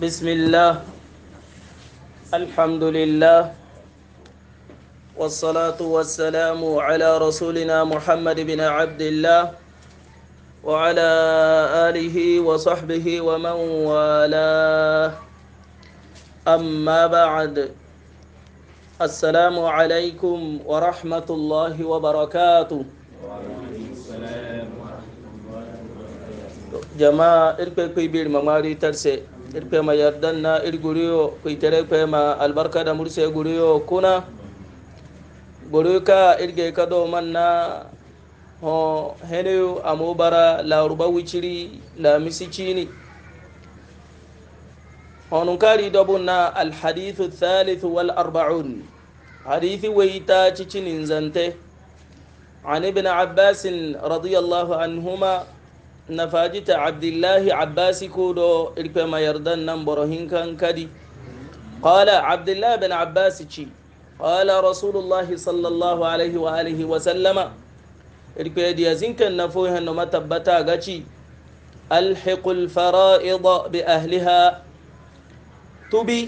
بسم الله الحمد لله والصلاة والسلام على رسولنا محمد بن عبد الله وعلى آله وصحبه ومن والاه أما بعد السلام عليكم ورحمة الله وبركاته وعليكم السلام ورحمة الله وبركاته جماعة إركبكي بير مماري ترسي irpema yardanna ir guriyo kuitere pema albarka da murse guriyo kuna gurika irge ka do manna ho heneyo amubara laruba wiciri la misicini honun kari dobunna alhadithu athalithu walarbaun hadithi weita cicinin zante عن ابن عباس رضي الله عنهما نفاجت عبد الله عباس كودو إركب ما يردن نمبر كان كدي قال عبد الله بن عباس تشي قال رسول الله صلى الله عليه وآله وسلم إركب يدي زنك النفوه أنما تبتا غشي ألحق الفرائض بأهلها تبي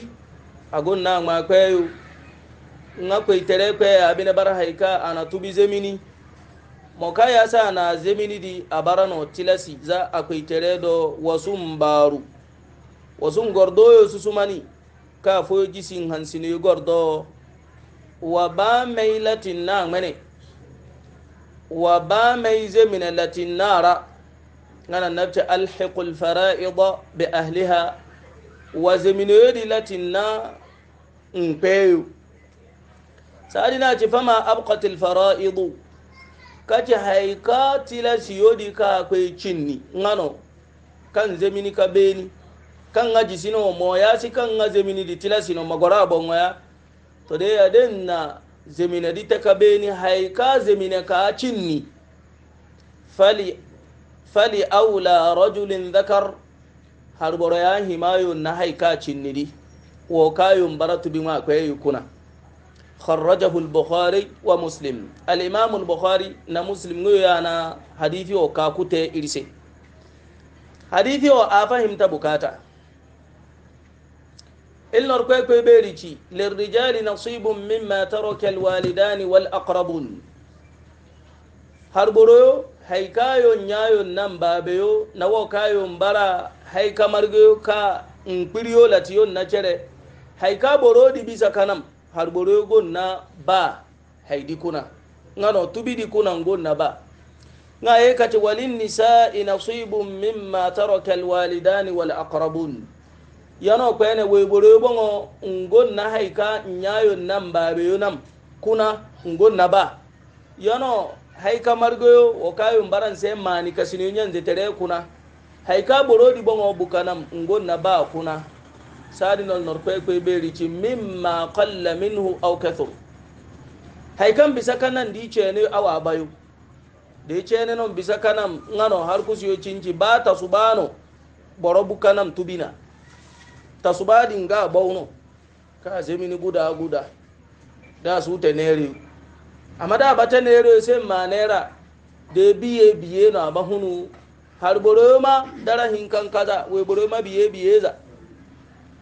أقول نعم ما كويو نعم كويتريكو أبين برهيكا أنا تبي زميني moka ya sa na zemini di a barano tilasi za a kwaitere da wasu mbaru wasu gordo yo su sumani ka fo jisin hansini gordo wa ba mai latin na mene wa ba mai zemina latin nara ngana nabce alhiqul fara'ida bi ahliha wa zeminoyodi latin na npeyo sa'adina ci fama abqatil fara'idu kati haika tila siyodi ka akwai cinni ngano kan zemini ka beni kan ga jisino moya si kan ga zemini di tila sino magora bongoya to de ya den na zemine di taka beni haika zemine ka cinni fali fali aula rajulin zakar har boro ya himayo na haika chini di wo kayun baratu bi yukuna kharrajahu al-bukhari wa muslim al-imam al-bukhari na muslim ngoyo yana hadithi o kakute irse hadithi o a fahimta bukata ilnor kwe kwe berici lirrijali nasibun mimma taraka alwalidani wal aqrabun harboroyo haikayo nyayo nan babeyo nawo kayo bara haika margoyo ka nkpiriyo latiyo na cere haika borodi bisa kanam harbore na ba haidi kuna ngano dikuna kuna na ba nga ye kace walin nisa'i nasibun mimma taraka alwalidani wal aqrabun yano kwene webore bongo ngonna haika nyayo namba babe yonam kuna na ba yano haika margoyo wakayo mbaran se mani kasini nyanze tere kuna haika borodi bongo bukanam na ba kuna sadi non nor kwe kwe beri ci mimma qalla minhu aw kathur hay kan bisa kanan di cene awa bayo de cene non bisa kanan ngano har kusiyo cinci ba ta subano boro bukanam tubina ta subadi nga bawno ka zemini guda guda da su tenere amma da ba tenere sai manera de biye biye na bahunu har boroma dara hinkan kaza we boroma biye biye za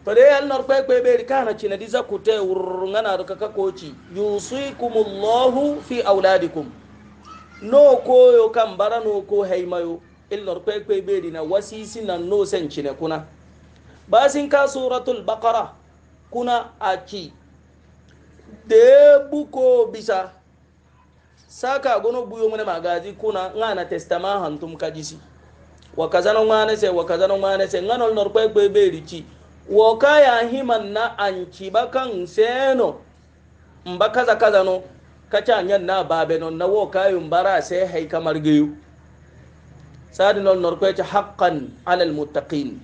to dai yal nor kwe kwe beri kana cina diza kute wurngana da kaka koci yusikumullahu fi auladikum no koyo kan bara no ko haimayo il nor kwe kwe beri na wasisi na no sen cina kuna basin ka suratul baqara kuna aki debu ko bisa saka gono buyo mune magazi kuna ngana testama hantum kajisi wakazano ngane se wakazano ngane se ngano nor kwe kwe beri ci wo kaya himan na anci bakan seno mba kaza kaza no kaca nyan na babe non na wo kayun bara sai hay kamar geyu sadi non nor kwece haqqan alal muttaqin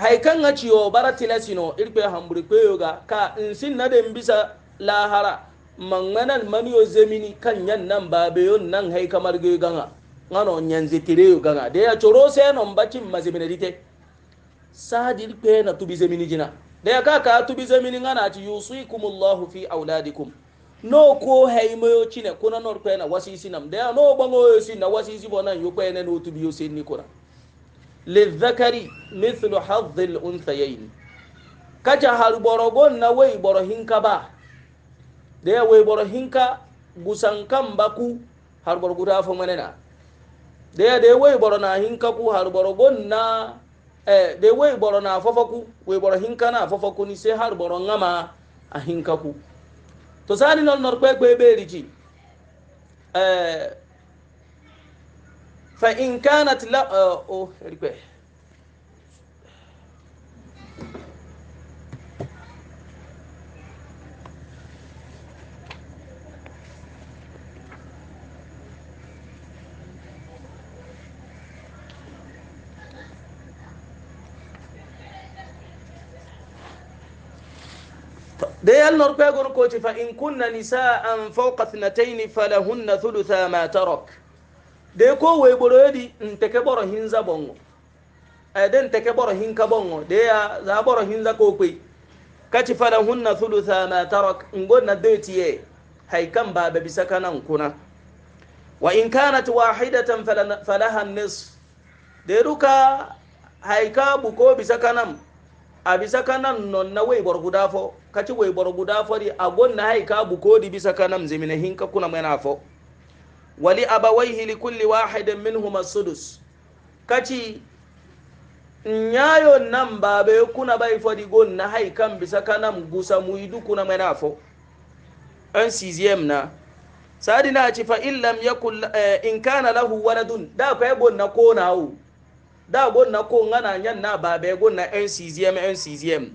hay kan ga ciyo bara tilasino irpe hamburi kweyo ga ka insin na den bisa lahara manganan maniyo zemini kan yan nan babe yon nan hay kamar geyu ganga ngano nyanzi tireyo ganga de ya choro seno mbacin dite sadil pe na tubi zemini jina da ya kaka tubi zemini ngana ci yusikumullahu fi auladikum no ko haymayo cine kuna nor pe na wasisi nam da no bango yo sin na wasisi bonan yo pe na no tubi yo sen ni kuna lidhakari mithlu hadhil unthayayn kaca har borogon na wai borohinka ba da ya wai borohinka gusan kan baku har borguda fa manena da ya da ya boro na hinka ku har borogon na eh de wai boro na fofaku wai boro hinka na fofaku ni sai har boro ngama a hinka ku to sani non nor kwe kwe be riji eh, fa in kanat la eh, oh rikwe يلنر بيغون كوتي فإن كن نساء فوق اثنتين فلهن ثلثا ما ترك de ko weyboro yedi nteke boro hinza bongo ade nteke boro hinka bongo de ya za boro hinza ko kwe kati falahunna thulutha ma tarak ngonna detiye haikam baba bisaka nan kuna wa in kanat wahidatan falaha nisf de ruka haika buko bisaka nan a bisa kanan non na wai bar guda fo kaci wai bar guda fo di a gonna hai ka bu kodi bisa kanan zimine hin ka kuna mena fo wali abawaihi li kulli wahidin minhum as-sudus kaci nyayo nan babe kuna bai fo di gonna hai kan bisa kanan gusa muidu kuna mena fo an sizem na sadi na ci fa illam lam yakul eh, in kana lahu waladun da fa yabon na konawo da gonna ko ngana nyan na babe gonna nccm nccm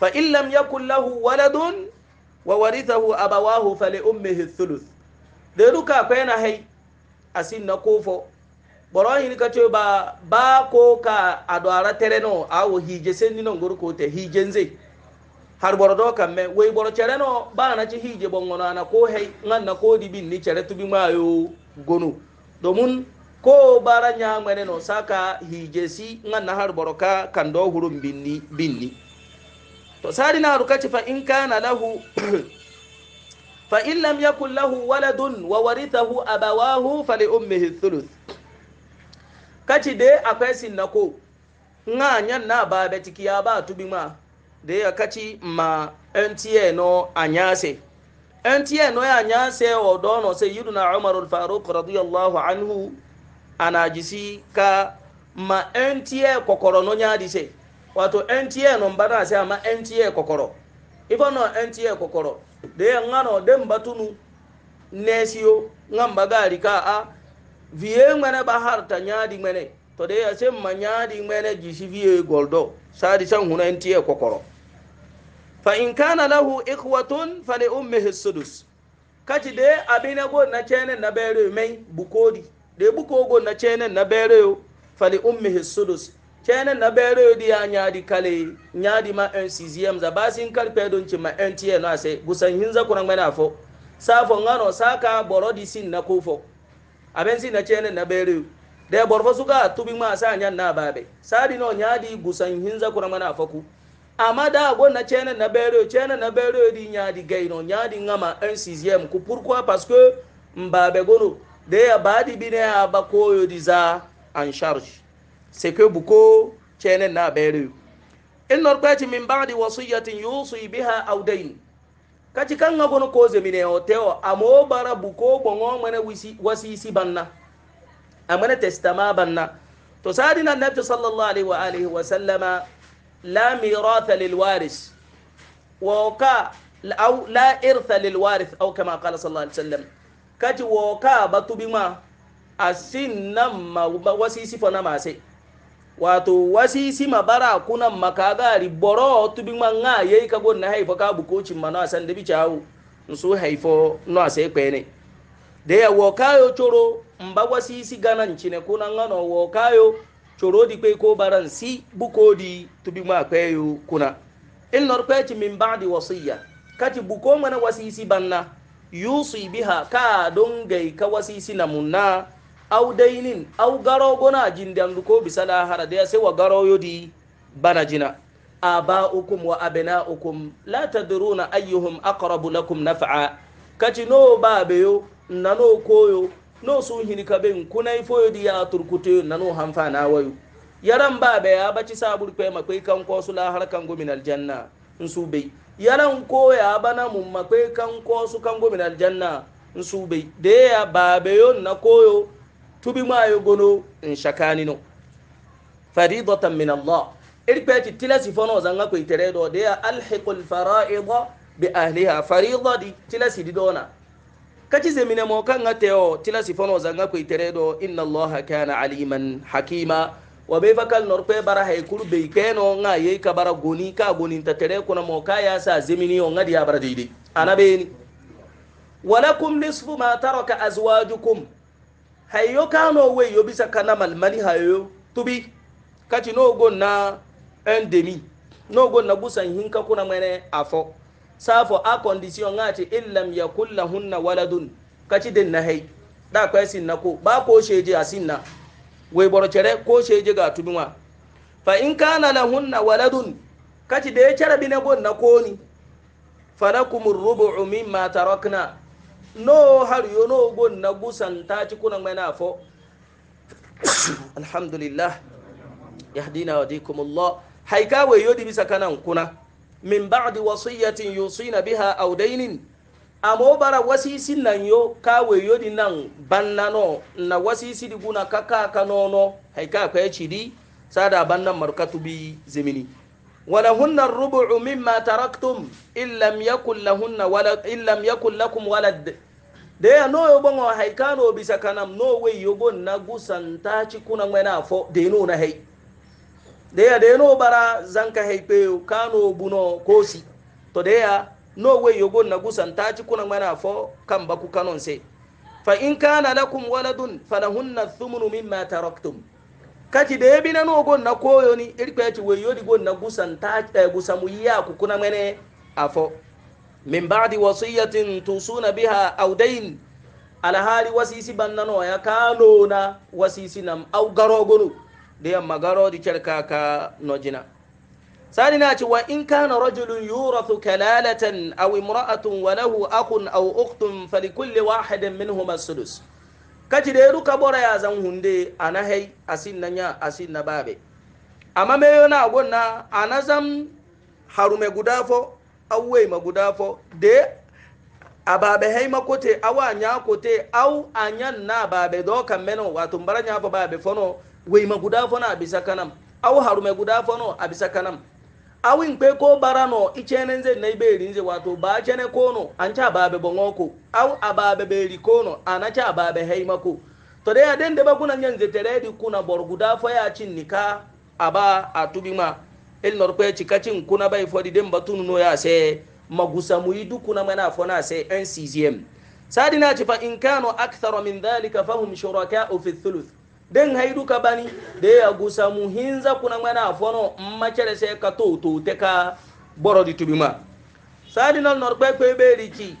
fa in lam yakun lahu waladun wa warithahu abawahu fali ummihi thuluth de duka kwena hay asin na kofo boro hin ka ce ba ba ko ka adwara tereno awo hije senni non gor ko te hije nze har boro do kam me we boro tereno ba na ci hije bongono ana ko hay ngan na ko di bin ni cere tubi mayo gono domun ko bara nya ngwene no saka hijesi nga na har boroka kan do hurum binni binni to sari na harukati fa in kana lahu fa in lam yakul lahu waladun wa warithahu abawahu fali ummihi thuluth kaci de akwai sinnako nga nyan na ba betiki ba tubi ma de ya kaci ma ntie no anyase ntie no ya anyase o do no se yiduna radiyallahu anhu anajisi ka ma nta kɔkɔrɔ no nyaadi se wato nta no mbana se ama nta kɔkɔrɔ ifɔ no nta kɔkɔrɔ de ŋa no de mbatunu nɛsiyo ŋa mbagaari ka a vie ŋmɛnɛ ba harta nyaadi ŋmɛnɛ to de ya se ma nyaadi ŋmɛnɛ jisi vie gɔldɔ saadi san huna nta kɔkɔrɔ fa in kana lahu ikhwatun fa li ummihi sudus kati de abine na chene na bere mai bukodi da bu kogo na cenen na bereyo fali ummihi sudus cenen na bereyo di ya nyadi kale nyadi ma en siziyam za basin karpe don ci ma en tiye na sai gusan hinza kuran mana fo safo ngano saka boro di sin na kofo aben sin na cenen na bereyo da borfo suka tubi ma sa nyan na babe sadi no nyadi gusan hinza kuran mana faku amma da agon na cenen na bereyo cenen na bereyo di nyadi gaino nyadi ngama en siziyam ku pourquoi parce que mbabe gono de ya badi bine ya ba koyo diza an charge se ke buko chene na bere in norbati min ba'di wasiyatin yusi biha aw dayn kati kan ga gono ko zemine o teo amo bara buko bongo mana wisi wasisi banna amana testama banna to sadina nabi sallallahu alaihi wa alihi wa sallama la miratha lil waris wa ka أو لا إرث للوارث أو كما قال صلى الله عليه وسلم kati wo ka batubi ma asin nan ma wasisi fa na mase wato wasisi ma bara kuna makagari boro tubi ma nga yayi ka gon na haifo ka bukoci ma na san dabi chawo nsu haifo no ase kwene de ya wo kayo choro mba wasisi ganan chine kuna ngano wo yo choro di pe ko baran si bukodi tubi ma kweyo kuna in lor kwechi min ba'di wasiya kati buko mana wasisi banna yusi biha ka don gai ka wasi na au dainin au garo gona jindandu ko bisala lahara da sai wa garo yodi bana jina ukum wa ukum la tadruna ayyuhum aqrabu lakum naf'a kati no babeyo nano koyo no sun hini ben kunai foyo yodi ya turkute nano hanfa na wayo yaran babe ya baci sabur kwe makwai kan ko lahara kan gominal aljanna in bai yalan koya bana mun makwai kan ko su kan gomin aljanna in su bai da ya babayo na koyo tubi ma yo gono in shakani no faridatan min Allah irpeci tilasi fono zanga ko itere do da ya alhiqul fara'ida bi ahliha farida di tilasi di dona kaci zemine mo kan ga teo tilasi fono zanga ko itere do inna Allah kana aliman hakima wa be fakal norpe bara hay kul be keno nga ye ka bara goni ka goni ta tere kuna mo ka ya sa zemini on ngadi abara didi anabe ni walakum nisfu ma taraka azwajukum hayyo kano we yo bisa kana malmani hayo tubi kati no gonna en demi no gonna gusan hinka kuna mene afo safo a condition ngati illam yakul lahunna waladun kati den na hay da kwai sinna ko ba ko sheje asinna wai borcere ko sheje ga tubinwa fa in kana lahunna waladun kaci da ya cara bine gon na koni falakumur rubu'u mimma tarakna no har yo no gon na gusanta ci kunan mai na fo alhamdulillah yahdina wa dikumullah haika wai yodi bisa kanan kuna min ba'di wasiyatin yusina biha aw dainin amo bara wasisi nan yo ka weyodi nan bannano na wasisidi guna ka kaka nono hay ka kwe chidi sada bannan markatu bi zemini ولهن الربع مما تركتم إن لم يكن لهن ولد إن لم يكن لكم ولد ديا نو يبون هاي كانوا بسكنام نو وي يبون نغوسان تاشي كنا مينا فو دي نو نهي ديا دي نو برا زنك هاي بيو كانوا بنو كوسي تو ديا no we yogo na nagusan taci kuna mana fo kan ku kanon se fa in kana lakum waladun falahunna thumnu mimma taraktum kati de yabi na no go na koyo ni irko yaci we yodi go na gusan taci eh, gusamu ya ku kuna mene afo min ba'di wasiyatin tusuna biha aw dayn ala hali wasisi bannano ya kanona wasisi nam aw garogonu de magaro di cerka nojina sani na ce wa in kana rajulun yurathu kalalatan aw imra'atun wa lahu akhun aw ukhtun falikulli wahidin minhum as-sudus kaci da ruka bora ya zan hunde ana hay asin nanya asin na babe amma me yana gonna ana harume gudafo awwe ma gudafo de ababe hay makote awa nya kote aw anyan na babe do kan meno wato baranya babe fono we ma gudafo na bisa aw harume gudafo no abisa awin pe ko barano ichene nze na iberi nze wato ba chene kono ancha babe bongoko au ababe beri kono anacha ababe heimako to de aden de bakuna nyanze teredi kuna borguda fo ya chin nika aba atubima el norpe chikachin kuna bai fodi dem batunu no ya se magusa muidu kuna mana fo na se ncgm sadina chifa in kano akthara min dhalika fahum shuraka fi thuluth den haidu ka bani da ya gusa mu hinza kuna mana fono macere sai ka to to te ka boro di tubima sadinal norbe kwe beriki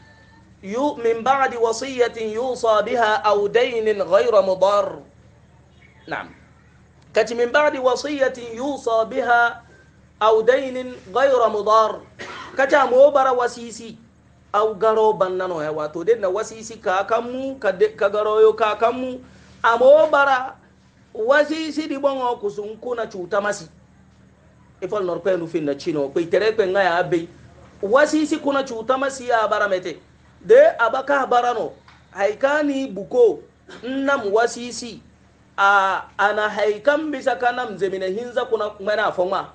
yu min ba'di wasiyatin yusa biha aw daynin ghayra mudar na'am kati min ba'di wasiyatin yusa biha aw daynin ghayra mudar kata mo bara wasisi aw garo bannano ya wato den na wasisi ka kanmu ka garoyo ka kanmu amo bara wasisi di bongo kusunku na cuta masi ifol norpe nu finna chino pe tere pe nga ya be wasisi kuna cuta masi ya bara mete de abaka barano haikani buko nnam wasisi a ana haikan bisa kanam zemine hinza kuna mena fonga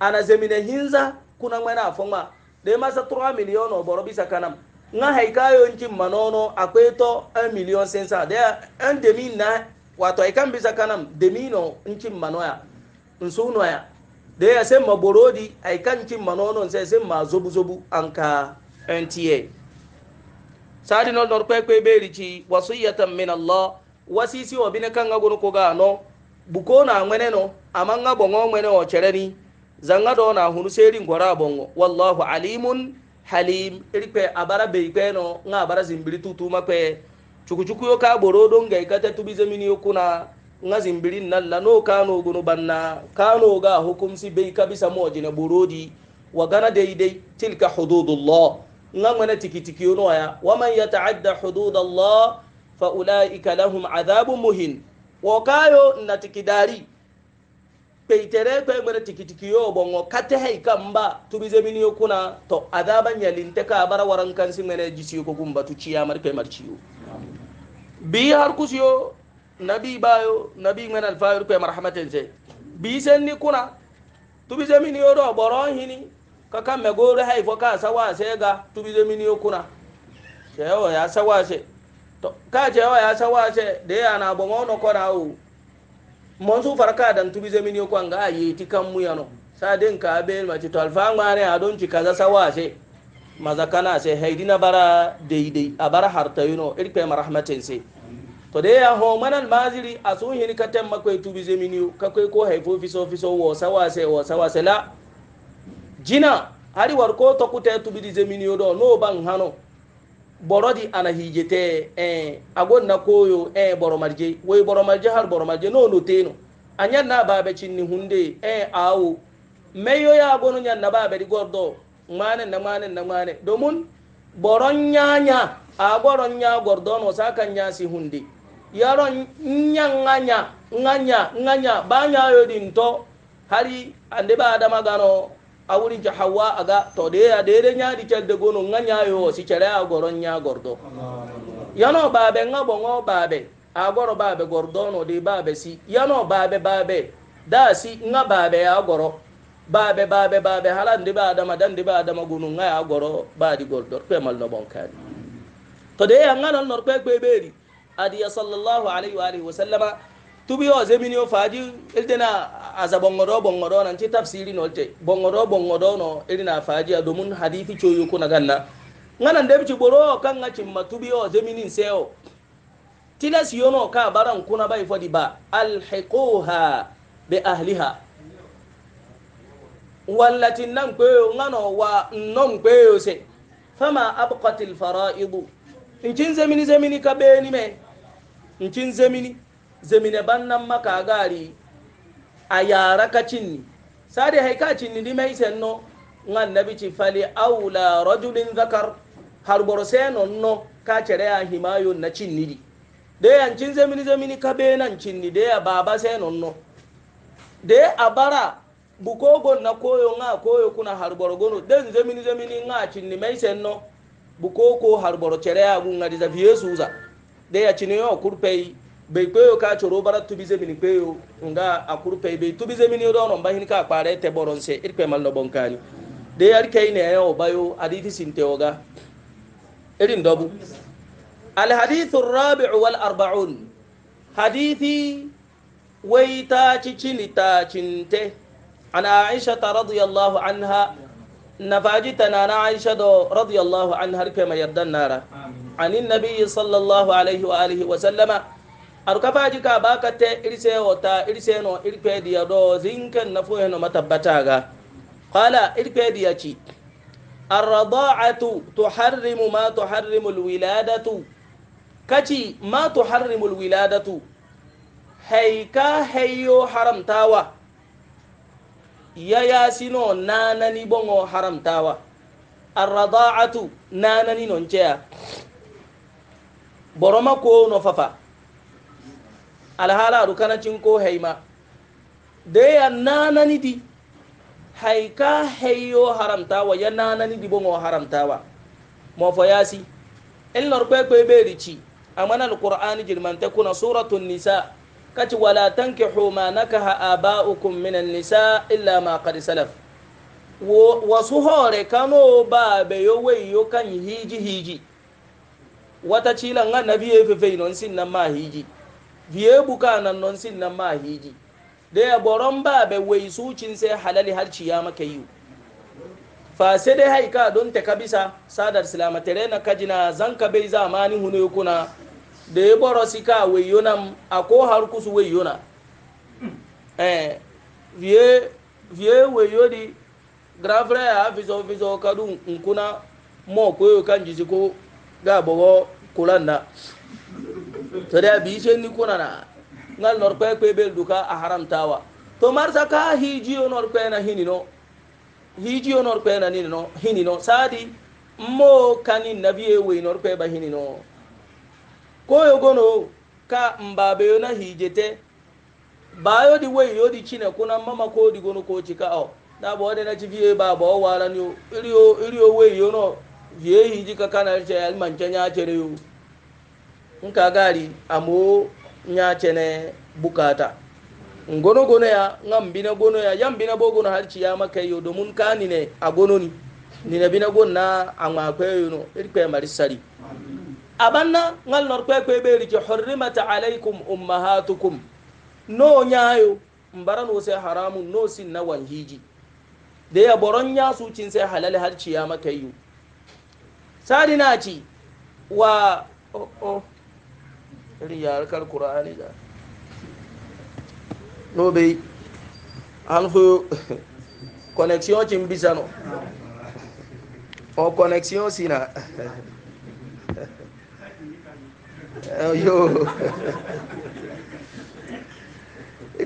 ana zemine hinza kuna mena fonga de masa 3 miliyon oboro bisa kanam nga haikayo nti manono akweto 1 million 500 da an ndemi na wato ikan bisa kanam demino nti manoya nsuno ya da ya sai maborodi aikan kin manono sai sai ma zobu zobu anka nta sadi no dor wasu beri ci wasiyatan min allah wasisi wa bin kan agun ko ga no buko na ama nga amanga bongo ọ o ni zanga do na hunu seri ngora bongo wallahu alimun halim irikpe abara beikpeno nga abara zimbiri tutumakpe cukucukuyo ka boro don ga ikata tubizeminiyo kuna nga zimbiri nalla no kano gono banna kano ga hukumsi bei kabisa mojina borodi wagana daidai tilka hududullah nga ngwene tikitikiyo noya waman yataadda hududallah fa ulaika lahum adhabun muhin wokayo natikidari peitere kwe ngwene tikitikiyo bongo kate haika mba tubize mini yokuna to adhaba nyalinte ka bara warankansi ngwene jisiyo kukumba tuchiya marikwe marichiyo bi har kusiyo nabi bayo nabi ngwene alfayor kwe marhamatense bi senni kuna tubize mini yodo boron hini kaka megoro haifo ka sawase ga tubize mini yokuna cheyo ya sawase to ka cheyo ya sawase de ana bongo no kona u monsu faraka dan tubi zemini ko anga ayi tikan mu yano saden ka be ma ci to alfa ngare adon ci kaza sawase mazakana se haidina bara deidei abara harta yuno irpe marhamatin se to de ya ho manan maziri asun hin katem makwai tubi zemini kakwai ko haifo fiso fiso wo sawase wo sawase la jina hari war ko to kute tubi zemini do no ban hano borodi ana hijete eh agonna koyo eh boromarje woy boromarje har boromarje no no teno anya na babe cinni hunde eh awo meyo ya gonu nya na babe di gordo ngmane na ngmane na ngmane domun boron nyanya a boron nya gordo no saka nya si hunde yaro nya nganya nganya nganya banya yo dinto hari ande ba adama gano awuri jahawa aga to de ya de de nyaadi celde gono nga nyaayo si cere a goron nya gordo yano baabe nga bongo baabe a goro baabe gordono de baabe si yano baabe baabe da si nga baabe ya goro baabe baabe baabe halandi ba adama dandi ba adama gono nga ya goro baadi gordo kwe mal no bonkani to de ya nga non nor kwe kwe beri adiya sallallahu alaihi wa alihi wa sallama tubi o zemini o faji iltena aza bongodo bongodo nan ci tafsiri no te bongodo bongodo no ilina faji a domin hadithi coyo kuna ganna nganan da bici boro kan nga cimma tubi o zemini seo tilas yono ka baran kuna bai fodi ba alhiquha bi ahliha wallati nan kweyo ngano wa non kweyo se fama abqatil faraidu in cin zemini zemini ka beni me in cin zemini zemine bannan maka gari a yara kacin ni sadi haika cinni di mai senno ngan nabi ci fali aula rajulin zakar har boro seno no ka cere ya himayo na cinni di de yan cin zemini zemini ka be nan cinni de ya baba seno no de abara bukogo na koyo nga koyo kuna har boro gono den zemini zemini nga cinni mai senno bukoko har boro cere ya gunga di zafiye suza de ya cinni yo kurpei bai kweyo ka coro bara tubi zemini kweyo nga akurpe bai tubi zemini do non bahin ka pare te boron se irpe mal no bonkani de yar kai ne yo bayo hadisi sinte oga irin dobu al hadithu rabi' wal arba'un hadithi wai ta ci cini ta cinte an aisha ta radiyallahu anha na faji ta na aisha da radiyallahu an harfe mai yardan nara anin nabiyyi sallallahu alaihi wa alihi wa sallama arukafaji ka ba ka te irise wota irise no irpe diya do zinkan na fuhe no matabbata ga qala irpe diya ci arrada'atu tuharrimu ma tuharrimu alwiladatu kaci ma tuharrimu alwiladatu hayka hayyo haramtawa yayasino nanani bongo haramtawa arrada'atu nanani non boroma ko no fafa alhala aru kana cinko haima deya nananidi hay ka heyo haramtawa ya nananidi bongo haramtawa mofo yasi in lor kwe kwe beri ci amana alqur'ani jirmante kuna suratun nisa kati wala tankihu ma nakaha aba'ukum minan nisa illa ma qad salaf wasu hore kano ba be yo weyo kan hiji hiji wata cilan annabi ya e fefe non sin nan ma hiji biye buka nan non sin nan ma hiji da ya boron ba bai wai sucin sai halali har ciya maka yi fa sai dai haika don ta kabisa sadar silamatare na kajina zanka bai zamani hune kuna da ya boro sika wai yonam a ko har kusu wai yona eh vie vie wai yodi grafra ya fizo fizo kadu nkuna mo koyo kan jisiko ga bogo kulanda to da bi ce ni kuna na ngal nor kwe kwe bel duka a haramtawa to marsa ka hijiyo nor kwe na hinino hijiyo nor kwe na ninino hinino sadi mo kani nabiye we nor kwe ba hinino koyo gono ka mbabeyo na hijete bayo di we yo di chine kuna mama ko di gono ko chika o da bo de na ci vie ba bo wala ni o iri o iri o we yo no vie hiji ka kana che alman chenya chere yo nka gari amo nya cene bukata ngono gono ya ngam bina gono ya yam bina bogo na harci ya maka yo domun kani ne a ni ni na bina gono na amma kwe yo no iri kwe sari abanna ngal nor kwe kwe be riki hurrimat alaikum ummahatukum no nyaayo mbaran wose haramu no sin na wan hiji da ya boron ya su cin sai halal harci ya maka yo sari na ci wa oh, oh irin yarkar qur'ani da no be alhu connexion kin bisano o oh, connexion sina eh, yo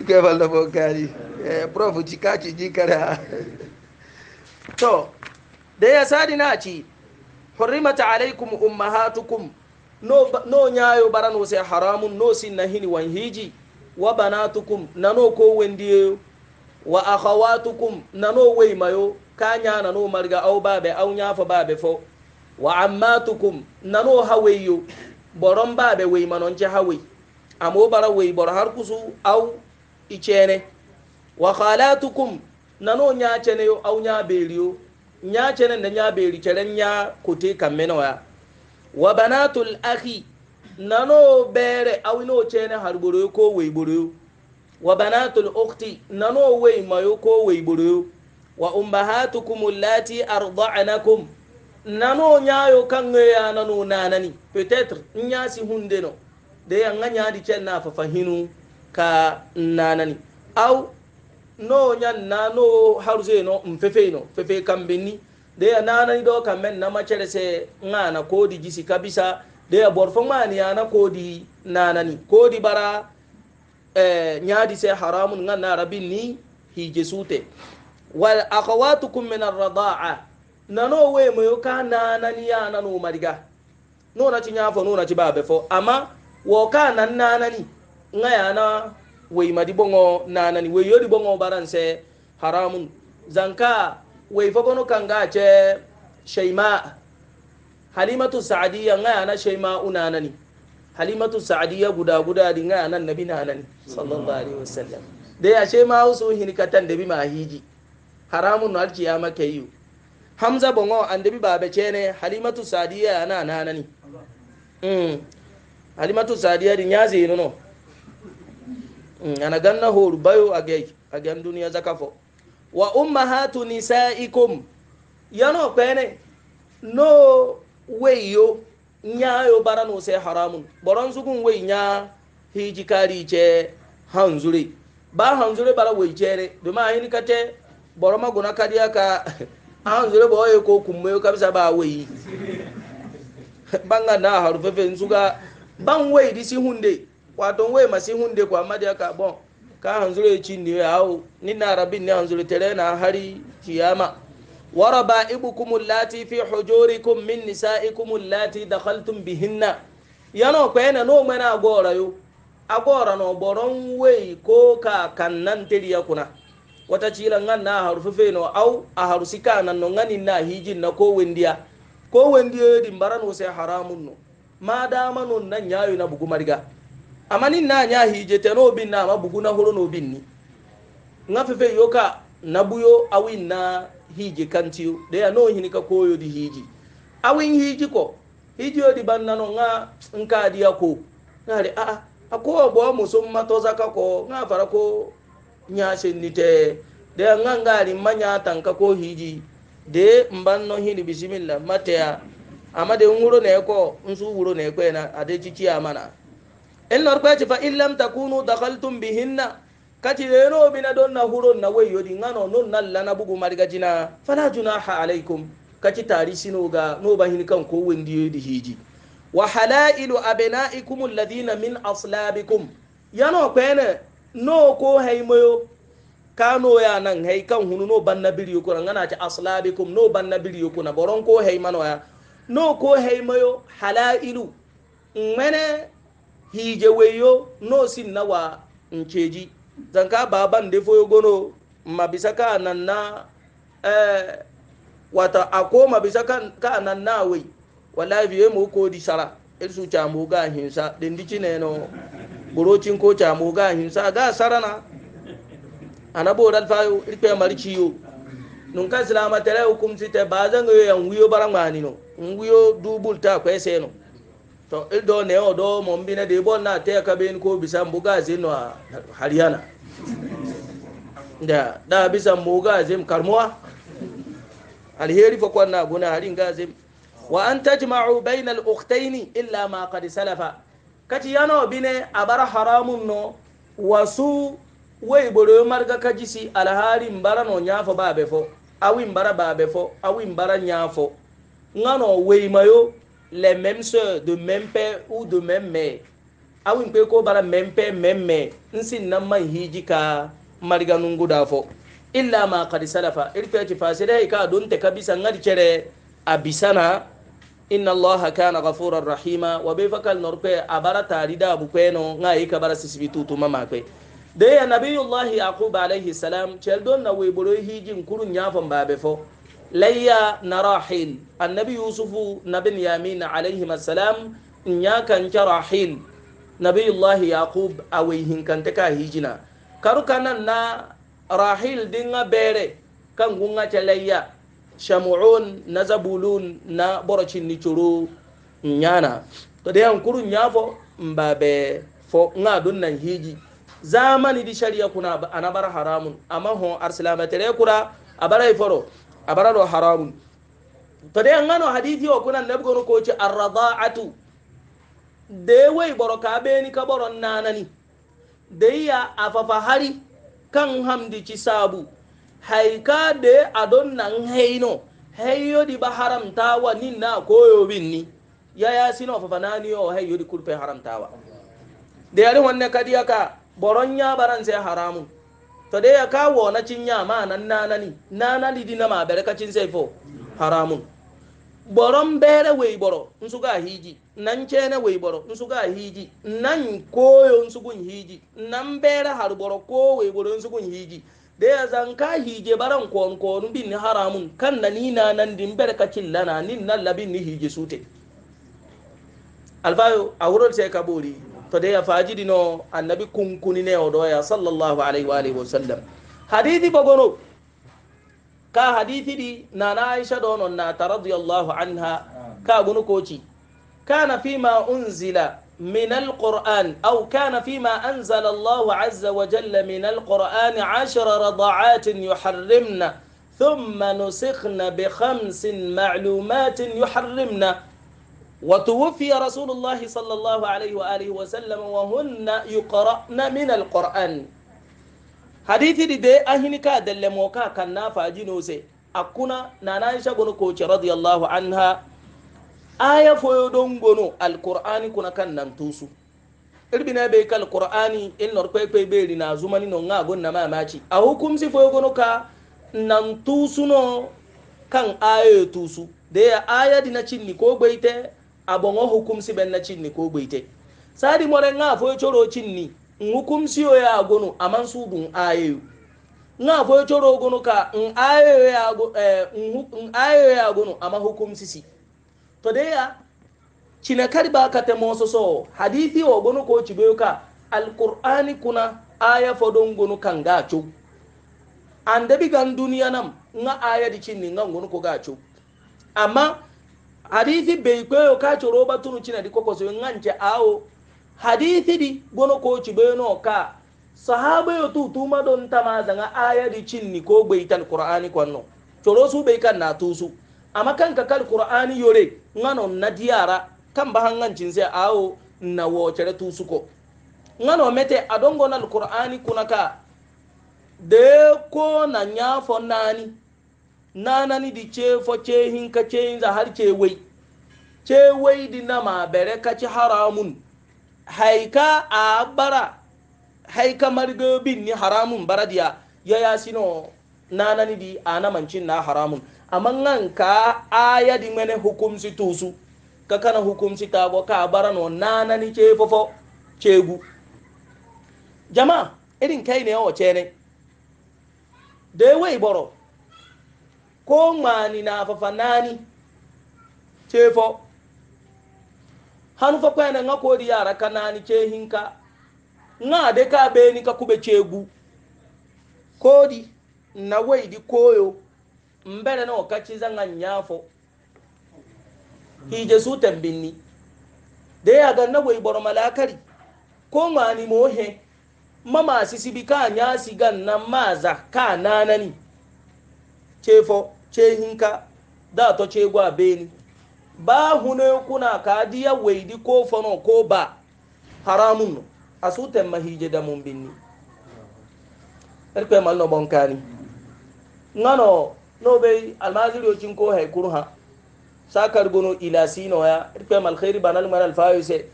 ke valda bokari eh prof chikachi jikara to da ya sadi na ci hurrimat alaikum ummahatukum no no ñaayo barano se haramu no sinna hini wan hiiji wa banatukum nano ko wendiyeyo wa akhawatukum nano weymayo ka ña nano marga aw baabe aw ñaafo baabe fo wa ammatukum nano haweyyo boron baabe weymanonce hawey amo bara wey boro har kusu aw iceene wa khalatukum nano ña ceneyo aw ña beeriyo ña cenen de ña beeri ceren ña kote kammenoya wa banatul akhi nano bere awino chene harboroyo ko weiboroyo wa banatul ukhti nano weimayo ko weiboroyo wa ummahatukum allati arda'nakum nano nyayo kangeya nano nanani peut-être nyasi hundeno de yanga nyadi chenna fafahinu ka nanani aw no nyan nano haruzeno mfefeno fefe kambeni de nanani do kam men namacere se ŋana kodi jisi kabisa de bor fo ŋmani na kodi ni kodi bara ñadi eh, se haramun ŋa narabin ni hi Jesute wal akhawatukum min arradaa nano wemoyo ka na yanano mariga nonati ñafo nonati babe fo ama wo ka nan nanani ŋa bongo weymadi boŋo nanani weyodi bongo baran se haramun zanka waifagono kanga ce shaima halimatu sa'adiyya nga yana shaima unanani halimatu sa'adiyya guda guda di nga yana nabi nanani sallallahu alaihi wasallam da ya shaima usu hinikatan da bi mahiji haramun no alkiyama kayu hamza bongo andabi babe cene halimatu sa'adiyya yana nanani mm halimatu sa'adiyya di nyazi no no mm ana ganna horu bayo agay agan duniya zakafo wa ummahatu nisaikum yano pene no weyo nyayo barano se haramun boron sugun wey nya hiji kari je hanzure ba hanzure bara wey jere duma hin kate boroma guna kadiya ka hanzure bo ye ko kumwe kabisa ba wey banga na harufefe nsuga ban wey disi hunde wato wey masi hunde kwa madiya ka bon ka hanzuro ya ci ne yawo ni na rabin ne hanzuro tare na hari kiyama waraba ibukum allati fi hujurikum min nisaikum allati dakhaltum bihinna yano kwena no mena gorayo agora no boron wei ko ka kannan tiriya kuna wata cila ngan na harufu feno au a harusi kanan no ngani na hijin na ko wendiya ko wendiya din baran wose haramun no ma dama non nan yayo na bugumariga amani nanya hijete nobi na ama bugu mabuguna horo nobi ni ngafefe na buyo awi na hije kantiyo de ya no hinika koyo di hiji awin hiji ko hiji odi nna no nga nka di ako ngare a ah, a ah, ako bo musumma ka zakako nga fara ko nya shenite de ya nga ngari manya tanka ko hiji de mbanno hini bismillah matea amade nguro ne ko nsu wuro ne ko na ade chichi amana elnor kpeeci fa in lam takunu dahaltum bihinna kati renoɓina ɗon na huron na weyyoɗi gano non nallana bugu marga jina fala junaha alaykum kati tari sinoga noba hin kan ko wendiyoyɗi hiiji wa halailu abenaikum alladina min aslabikum yano kpene no ko haymoyo ka noya nan hay kan hunu no banna biriyo kuna ganati aslabikum no banna biriyo kuna boron ko haymanoya no ko haymoyo halailu mene hije weyo no sin nawa nkeji zanka baban da foyo gono ma bisa ka nan na eh wata ako ma bisa ka ka nan na wai wallahi biye mu ko di sara il su chamu ga hinsa din dici ne no burocin ko chamu ga hinsa ga sarana anabo dal fayo irpe marici yo nun ka silama tere hukum site bazan yo yan wiyo barangani no wiyo dubul ta kwese no to ildo ne o do mo mbine de bon na te ka ben ko bisan buga zin wa hariyana da da bisan buga zin karmuwa alheri fa kwanna guna harin gazim wa an tajma'u bainal ukhtaini illa ma qad salafa kati yano bine abara haramun no wasu wai boro marga kajisi alhari mbara no nyafo babe fo awi mbara babe fo awi mbara nyafo ngano wei mayo les mêmes sœurs de même père ou de même mère awin pe ko bara même père même mère nsin nan man hiji ka mariga nungu da fo illa ma qad salafa irpe ci fasire ka don te kabisa ngadi cere abisana inna allaha kana ghafuran rahima wa be fakal norpe abara tarida bu kweno ngai ka bara sisibitu tuma makwe de ya nabiyullahi yaqub alayhi salam cel don na we boro hiji kurun yafan babe fo layya narahin annabi yusufu na bin yamin alaihi salam in ya kanke rahin nabiyullahi yaqub a waihin kanta ka hijina karuka nan na rahil dinga bere kan gunga layya shamu'un na zabulun na borocin nicuro nyana to da yankurun yafo mbabe fo nga dunnan hiji zamani di shari'a kuna anabar haramun amma ho arsilamatere kura abara iforo abaralo haramun to de ngano hadithi o kunan ne bugo ko ci arrada'atu de wai boro ka be ni ka boro nanani de ya afafa hari kan hamdi ci sabu haika de adon nan heino heyo di ba haramta wa nin na koyo bin ni ya ya sino afafa nani o heyo di kurpe haramta wa de wanne kadiya ka boron ya baran sai haramun to de ya kawo na cin ya ma nan nanani nanani dina ma bere sai fo haramun boron bere wei boro nsu ga hiji nan cene wei boro nsu ga hiji nan koyo nsu gun hiji nan bere har boro ko wei boro nsu gun hiji da ya zanka hije baran konkonu bin ni haramun kan na ni na nan din bere lana nin nan labin ni hije sute alfayo a wurin sai ka bori تديا فاجدي نو النبي كن كنين يا صلى الله عليه وآله وسلم حديثي بقولو كا حديثي دي نانا عائشة دونو رضي الله عنها كا قولو كوشي كان فيما أنزل من القرآن أو كان فيما أنزل الله عز وجل من القرآن عشر رضاعات يحرمنا ثم نسخنا بخمس معلومات يحرمنا وتوفي رسول الله صلى الله عليه وآله وسلم وهن يقرأن من القرآن حديثي دي دي أهني كادل موكا كنا فاجنوسي أكونا نانايشا بنو كوشي رضي الله عنها آية فيودون القرآن كنا كان نمتوسو irbina bai kal qur'ani in nor kwe kwe bai na zumani no nga gonna ma maci a hukumsi fo gono ka nan tusuno kan ayo tusu da ya abongo hukumsi benna cinni ko gbeite sadi more nga foyo coro cinni hukumsiyo ya gonu aman sudu ayeyu nga foyo coro gonu ka in ayeyo ya go eh in ayeyo ya gonu ama hukumsisi to de ya cina kariba ka te moso so hadithi o gonu ko cibeyo ka alqur'ani kuna aya fodon gonu kanga cu ande bi gan duniya nam nga aya di cinni nga gonu ko ga cu amma hadithi bai kwayo ka ci roba tunu cina di koko so ngan ce hadithi di gono ko ci beno ka sahaba yo tu tuma don tama zanga aya di cinni ko bai tan qur'ani kwanno coro su bai kan na tusu amma kan ka kal qur'ani yore ngano na diyara kan ba hangan cin sai awo na wo cere tusu ko ngano mete adongo na qur'ani kunaka ka de ko na nyafo nani nanani di cefo cehinka cehinza har cewai cewai di nama bere kaci haramun haika a bara haika margobin ni haramun baradiya ya yasino nanani di anamancin na haramun amma nan ka aya di mene hukumsi tusu ka kana hukumsi tago ka bara no nanani cefofo cegu jama irin kai ne yawa ce ne da ya wai boro ko ŋmaani naafafa naani ceefo hanu fo kwene ŋa koodi yara ka naani ceehinka ŋa de ka beeni ka kube ceegu koodi na weydi koyo mbere no kaciza ŋa nyaafo hiije su tembinni de yaga na wey boro malakari ko ŋmaani moo he mama sisibi ka nyaasi gan na maaza ka naanani chefo chehinka da to abeni. beni ba hune na ka diya weidi ko fono ko ba haramun no asuten mahije da mun binni erpe mal no bonkani ngano no be almaziri o cin ko hay kurha sakar gono ila sino ya erpe mal khairi banal maral fayuse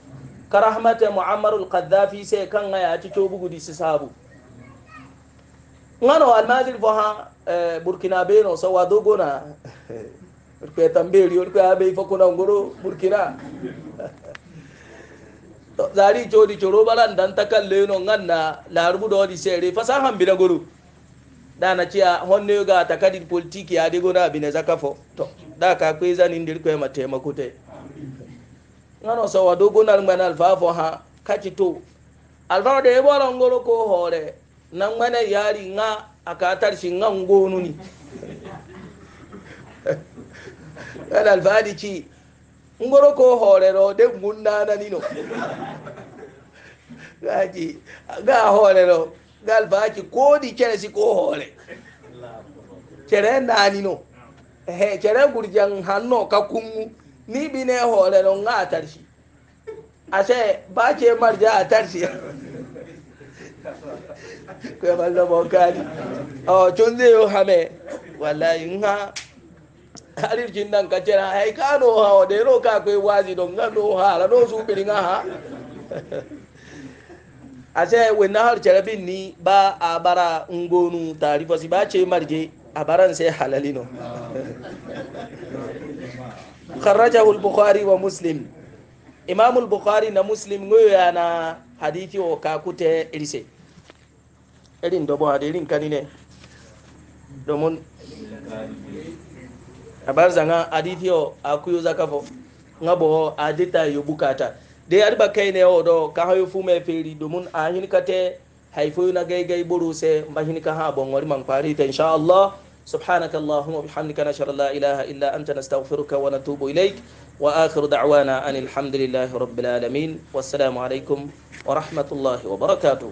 karahmata muammarul qaddafi sai kan ya ci to bugudi sabu ngano almajiri fo ha eh, burkina be no so wado gona ko tamberi ko abe fo kuna burkina zari chodi choro balan dan takalle no nganna larbu do di sere fa sa hambira goro dana ciya honne ga takadi politiki ya de gona bine zakafo to da ka kwe zanin dir ko ma taimako te ngano so wado gona ngana alfa fo ha alfa de bolo ngoro ko hore na mana yari nga akatar shi nga ngonu ni ala alfadi ci ngoro ko horero de gunna na nino gaji ga horero ga alfaki ko di kere si ko hore kere na nino he kere gurjan hanno ka kunmu ni bi ne horero nga atar shi ase ba ce marja atar shi kwe ma lɔbɔ oh chunde tunde y'o hamɛ walayi nka hali jinda nka cɛla ayi ha ɔ de n'o k'a k'e ha ala n'o su biri ha a sɛ wɛnna hali ni ba a ngonu taari fɔsi ba cɛ marije a bara n sɛ halali nɔ خرجه البخاري ومسلم إمام البخاري ومسلم يانا حديثي irin da buwa da irin kani ne domin a bar zanga aditiyo a kuyo zaka fo nga bo adita yo bukata de arba kai ne odo ka hayo fu me feri domin a hin kate haifo na gai gai buru se ba hin ka ha bon wari man kwari ta insha Allah سبحانك اللهم وبحمدك نشهد لا إله إلا أنت نستغفرك ونتوب إليك وآخر دعوانا أن الحمد لله رب العالمين والسلام عليكم ورحمة الله وبركاته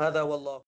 هذا والله